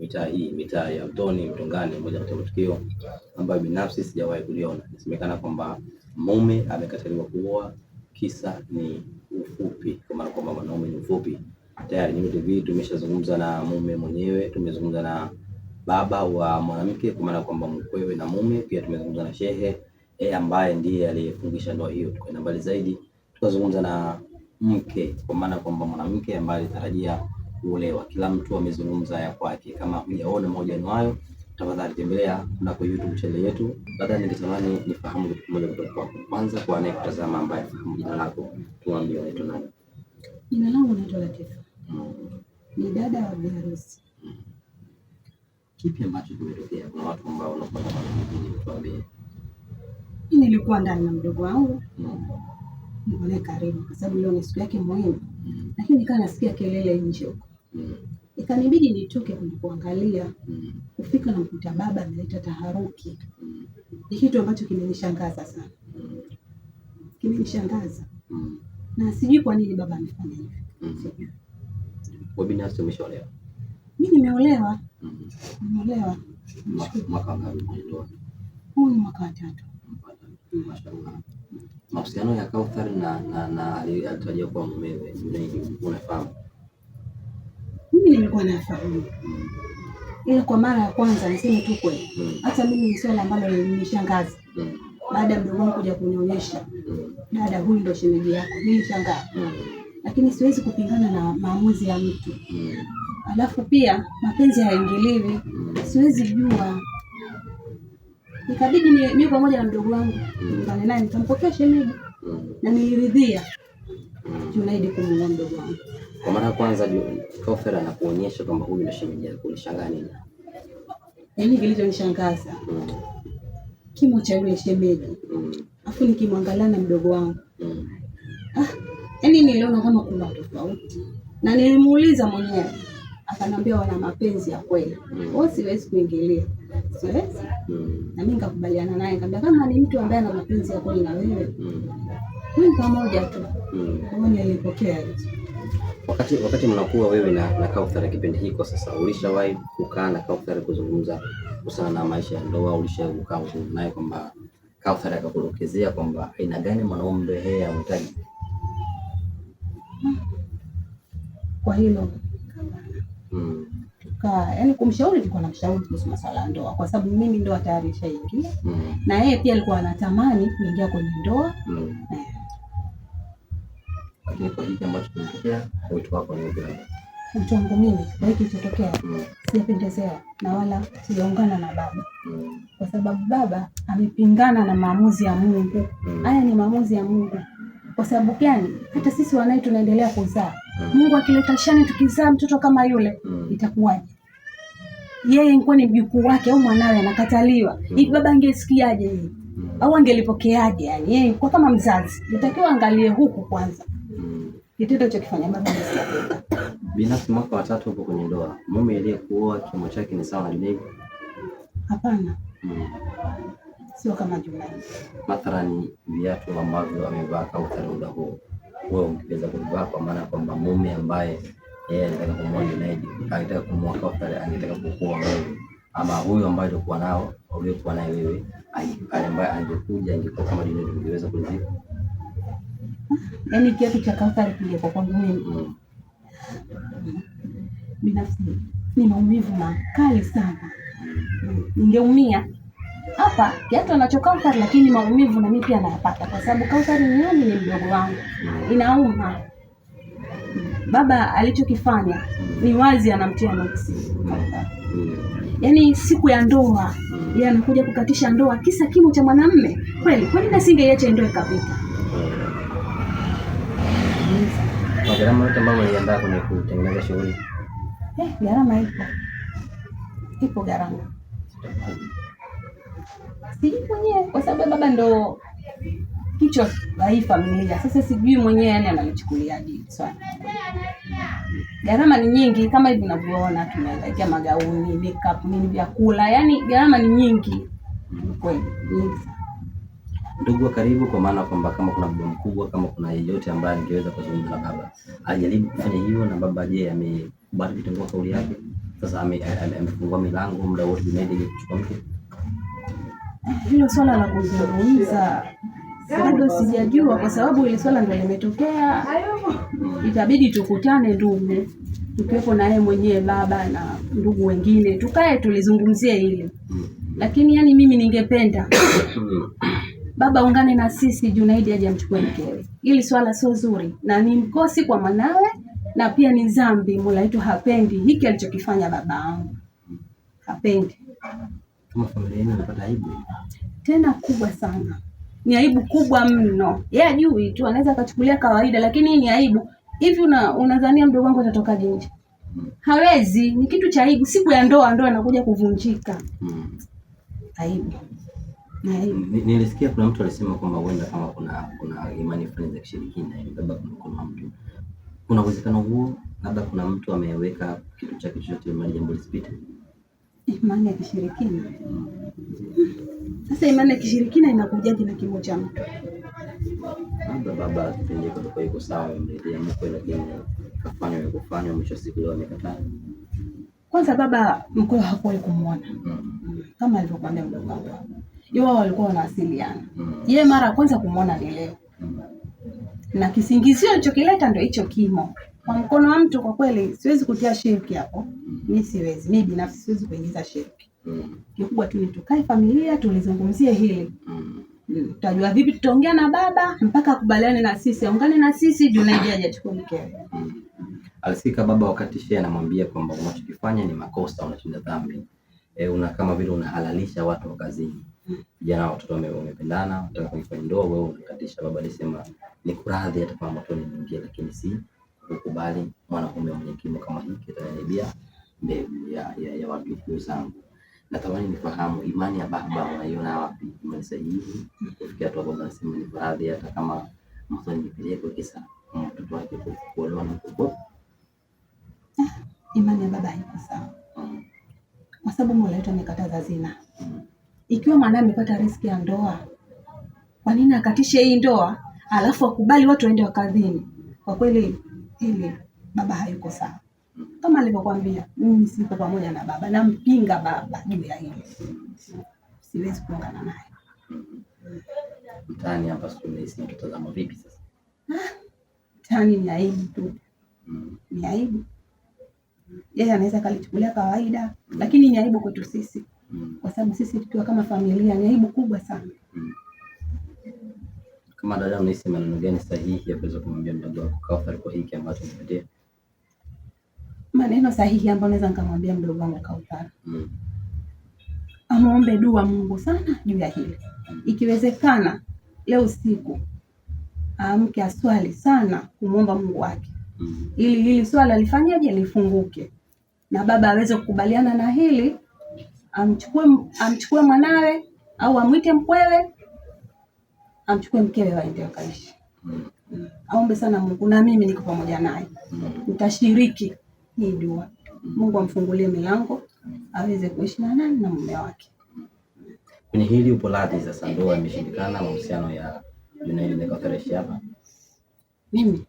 mitaa hii, mitaa ya Mtoni, Mtongani, moja katika matukio ambayo binafsi sijawahi kuliona. Inasemekana kwamba mume amekataliwa kuoa, kisa ni ufupi, kwa maana kwamba mwanaume ni ufupi Tayari Nyuki TV tumeshazungumza na mume mwenyewe, tumezungumza na baba wa mwanamke, kwa maana kwamba mkwewe na mume, pia tumezungumza na shehe e, ambaye ndiye aliyefungisha ndoa hiyo. Tukaenda mbali zaidi, tukazungumza na mke, kwa maana kwamba mwanamke ambaye alitarajia kuolewa. Kila mtu amezungumza ya kwake. Kama hujaona moja ni hayo, tafadhali tembelea na kwa YouTube channel yetu. Dada, nilitamani nifahamu kitu kimoja kutoka kwako. Kwanza kwa anayekutazama ambaye fahamu jina lako, tuambie unaitwa nani? Jina langu naitwa Latifa. Mm. Ni dada wa biharusi. Mm. Kipi ambacho kimetokea? Kuna watu ambao wanafanya matukio, tuambie. Nilikuwa ndani na mdogo wangu mm. naye karibu, kwa sababu leo ni siku yake muhimu, lakini nikawa nasikia kelele nje huko Mm. Ikanibidi nitoke kuangalia. Mm. Kufika na mkuta baba ameleta taharuki. Ni kitu ambacho kimenishangaza sana, mm. kimenishangaza na sijui kwa nini baba amefanya hivyo. Wewe binafsi umeshaolewa? Mi nimeolewa, nimeolewa. Mwaka- Mwaka ngapi kwenye ndoa? Huu ni mwaka wa tatu. Mahusiano ya Kauthar na na na aliyetarajia kuwa mumewe, unafahamu? mimi nilikuwa nafahamu, ila kwa mara ya kwanza niseme tu kweli, hata mimi ni swala ambalo linishangaza baada ya mdogo wangu kuja kunionyesha, dada, huyu ndo shemeji yako. Nilishangaa, lakini siwezi kupingana na maamuzi ya mtu. Alafu pia mapenzi hayaingiliwi, siwezi jua. Ikabidi ni pamoja na mdogo wangu, ngane naye, nikampokea shemeji na niliridhia Junaidi kumuona mdogo wangu. Kwa mara ya kwanza Kaufera anakuonyesha kwamba huyu ndio shemeji yako. Ulishangaa nini? Yaani kilichonishangaza mm. kimo cha yule shemeji mm. afu nikimwangalia na mdogo wangu mm. ah, yaani niliona kama kuna tofauti, na nilimuuliza mwenyewe akanambia wana mapenzi ya kweli mm. wao, siwezi kuingilia, siwezi mm. na mimi nikakubaliana naye, nikamwambia kama ni mtu ambaye ana mapenzi ya kweli na wewe mm. huyu pamoja tu mm. nilipokea hizo Wakati, wakati mnakuwa wewe na, na Kauthar kipindi hiki kwa sasa, ulishawahi kukaa na Kauthar kuzungumza kuhusiana na maisha ya ndoa? Ulishawahi kukaa naye kwamba Kauthar akakudokezea kwamba aina gani mwanaume yeye amhitaji? Kwa hilo mm. yani kumshauri, tulikuwa namshauri kuhusu masuala ya ndoa kwa sababu mimi ndoa tayari ishaingia mm. na yeye pia alikuwa anatamani kuingia kwenye ndoa mm lakini kwa hiki ambacho kimetokea, wito wako ni upi? Wito wangu mimi kwa hiki kilichotokea, mm. sijapendezewa na wala sijaungana na baba, mm. kwa sababu baba amepingana na maamuzi ya Mungu. Mm. Haya ni maamuzi ya Mungu. Kwa sababu gani? Hata sisi wanae tunaendelea kuzaa. Mungu akileta shani, tukizaa mtoto kama yule itakuwaje? Yeye nikuwa ni mjukuu wake au mwanawe anakataliwa, hivi baba angesikiaje? au angelipokeaje? Yani yeye kwa kama mzazi, natakiwa angalie huku kwanza kitendo cha kifanya mapenzi. Binafsi, mwaka wa tatu upo kwenye ndoa, mume aliyekuoa kimo chake ni sawa na Junaidi? Hapana, hmm. Sio kama jumla. Mathalani, viatu ambavyo amevaa Kauthar muda huo, wewe ungeweza kuvaa, kwa maana kwamba mume ambaye yeye anataka kumwoa Junaidi, anataka kumwoa Kauthar, anataka kukuoa wewe, ama huyo ambaye alikuwa nao uliokuwa naye wewe, ambaye angekuja angekuwa kama Junaidi, ungeweza kuzipa Yaani kiatu cha Kauthar kingekuwa kwangu mimi binafsi ni maumivu makali sana, ningeumia hapa kiatu anacho Kauthar, lakini maumivu na mimi pia nayapata kwa sababu Kauthar ni Ni mdogo wangu, inauma. Baba alichokifanya ni wazi, anamtia nuksi. Yaani siku ya ndoa yeye anakuja kukatisha ndoa, kisa kimo cha mwanamme. Kweli kweli, nasingeiacha ndoa ikapita gharama yote ambayo niliandaa kwenye kutengeneza shughuli eh, gharama ipo, ipo gharama sijui mwenyewe, kwa sababu baba ndo kichwa la hii familia. Sasa sijui mwenyewe yani analichukuliaje swali. Gharama ni nyingi kama hivi unavyoona, tunaalaikia magauni, makeup, nini, vyakula, yani gharama ni nyingi kweli nyingi ndugu wa karibu, kwa maana kwamba kama kuna baba mkubwa, kama kuna yeyote ambaye angeweza kuzungumza na baba, ajaribu kufanya hivyo, na baba je, amebariki kutengua kauli yake? Sasa amefungua milango muda wote kuchukua mke. Hilo swala la kuzungumza bado sijajua, kwa sababu ile swala ndio limetokea, itabidi tukutane ndugu, tukiwepo na yeye mwenyewe baba na ndugu wengine, tukae tulizungumzie hili, hmm. lakini yani mimi ningependa hmm. Baba, ungane na sisi, Junaidi aje amchukue mkewe. Hili swala sio zuri na ni mkosi kwa mwanawe na pia ni dhambi. Mola wetu hapendi hiki alichokifanya baba yangu, hapendi tena, kubwa sana, ni aibu kubwa mno. Yeye ajui tu, anaweza akachukulia kawaida, lakini ni aibu. Hivi unadhania mdogo wangu atatoka nje? Hawezi, ni kitu cha aibu. Siku ya ndoa ndoa inakuja kuvunjika, hmm. aibu. Nilisikia kuna mtu alisema kwamba huenda kama kuna kuna imani fulani za kishirikina, yaani labda kuna kuna mtu kuna uwezekano huo, labda kuna mtu ameweka kitu chake chochote imani jambo lisipite. Imani ya kishirikina sasa, imani ya kishirikina inakujaje na kimo cha mtu? Labda baba kipindi hiko alikuwa yuko sawa, amemletea mkwe, lakini kafanya amekufanya, mwisho siku leo amekataa. Kwanza baba mkwe hakuwahi kumwona mm. kama alivyokwambia mdogo wako ndio wao walikuwa wanawasiliana. Mm. Yeye mara ya kwanza kumwona ni leo, mm. na kisingizio alichokileta ndio hicho kimo kwa mkono wa mtu. Kwa kweli siwezi kutia shirki hapo, mm. mi siwezi, mi binafsi siwezi kuingiza shirki. Kikubwa tu ni tukae familia, tulizungumzie hili tutajua vipi, tutaongea na baba mpaka akubaliane na sisi, aungane na sisi juu Naija hajachukua mkewe. Alisika baba wakati shehe anamwambia kwamba unachokifanya ni makosa, unatenda dhambi e, una kama vile unahalalisha watu wa kazini vijana na watoto wamependana, wanataka kuifanya ndoa, wewe unakatisha. Baba alisema ni kuradhi, hata kama motoni niingie, lakini si kukubali mwanaume mwenye kimo kama hiki ataharibia mbegu ya, ya, ya watu wajukuu zangu. Natamani nifahamu imani ya baba unaiona wapi imani sahihi kufikia hatua baba anasema ni kuradhi, hata kama motoni nipeleke kisa mtoto wake kuolewa na kuoa. Ah, imani ya baba haiko sawa, mm. kwa sababu Mola wetu amekataza zina ikiwa mwanae amepata riski ya ndoa, kwa nini akatishe hii ndoa alafu akubali watu waende wakadhini? Kwa kweli hili baba hayuko sawa. Kama alivyokwambia, mimi siko pamoja na baba, nampinga baba juu ya hili, siwezi kuungana naye mtaani hapa. Sikunaisi vipi sasa? Ah, mtaani ni aibu tu, mm. ni aibu. Yeye anaweza akalichukulia kawaida, lakini ni aibu kwetu sisi. Mm. kwa sababu sisi tukiwa kama familia ni aibu kubwa sana. Mm. Kama dada, mnahisi maneno gani sahihi ya kuweza kumwambia mdogo wako Kauthar kwa hiki ambacho umepatia? Maneno sahihi ambayo naweza nikamwambia mdogo wangu Kauthar mm. amwombe dua Mungu sana juu ya hili mm. ikiwezekana leo usiku amke aswali sana kumwomba Mungu wake mm. ili hili swala lifanyaje lifunguke na baba aweze kukubaliana na hili amchukue, amchukue mwanawe au amwite mkwewe, amchukue mkewe, waende wakaishi. Mm. Aombe sana Mungu, na mimi niko pamoja naye, mm. nitashiriki hii dua. Mm. Mungu amfungulie milango aweze kuishi na nani na mume wake. Kwenye hili upo radhi? Sasa ndoa imeshindikana, mahusiano ya Junaidi hapa, mimi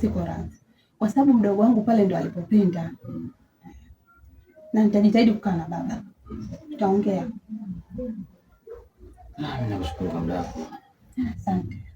siko radhi, kwa sababu mdogo wangu pale ndo alipopenda na nitajitahidi kukaa na baba, tutaongea. Nakushukuru kwa muda wako, Asante.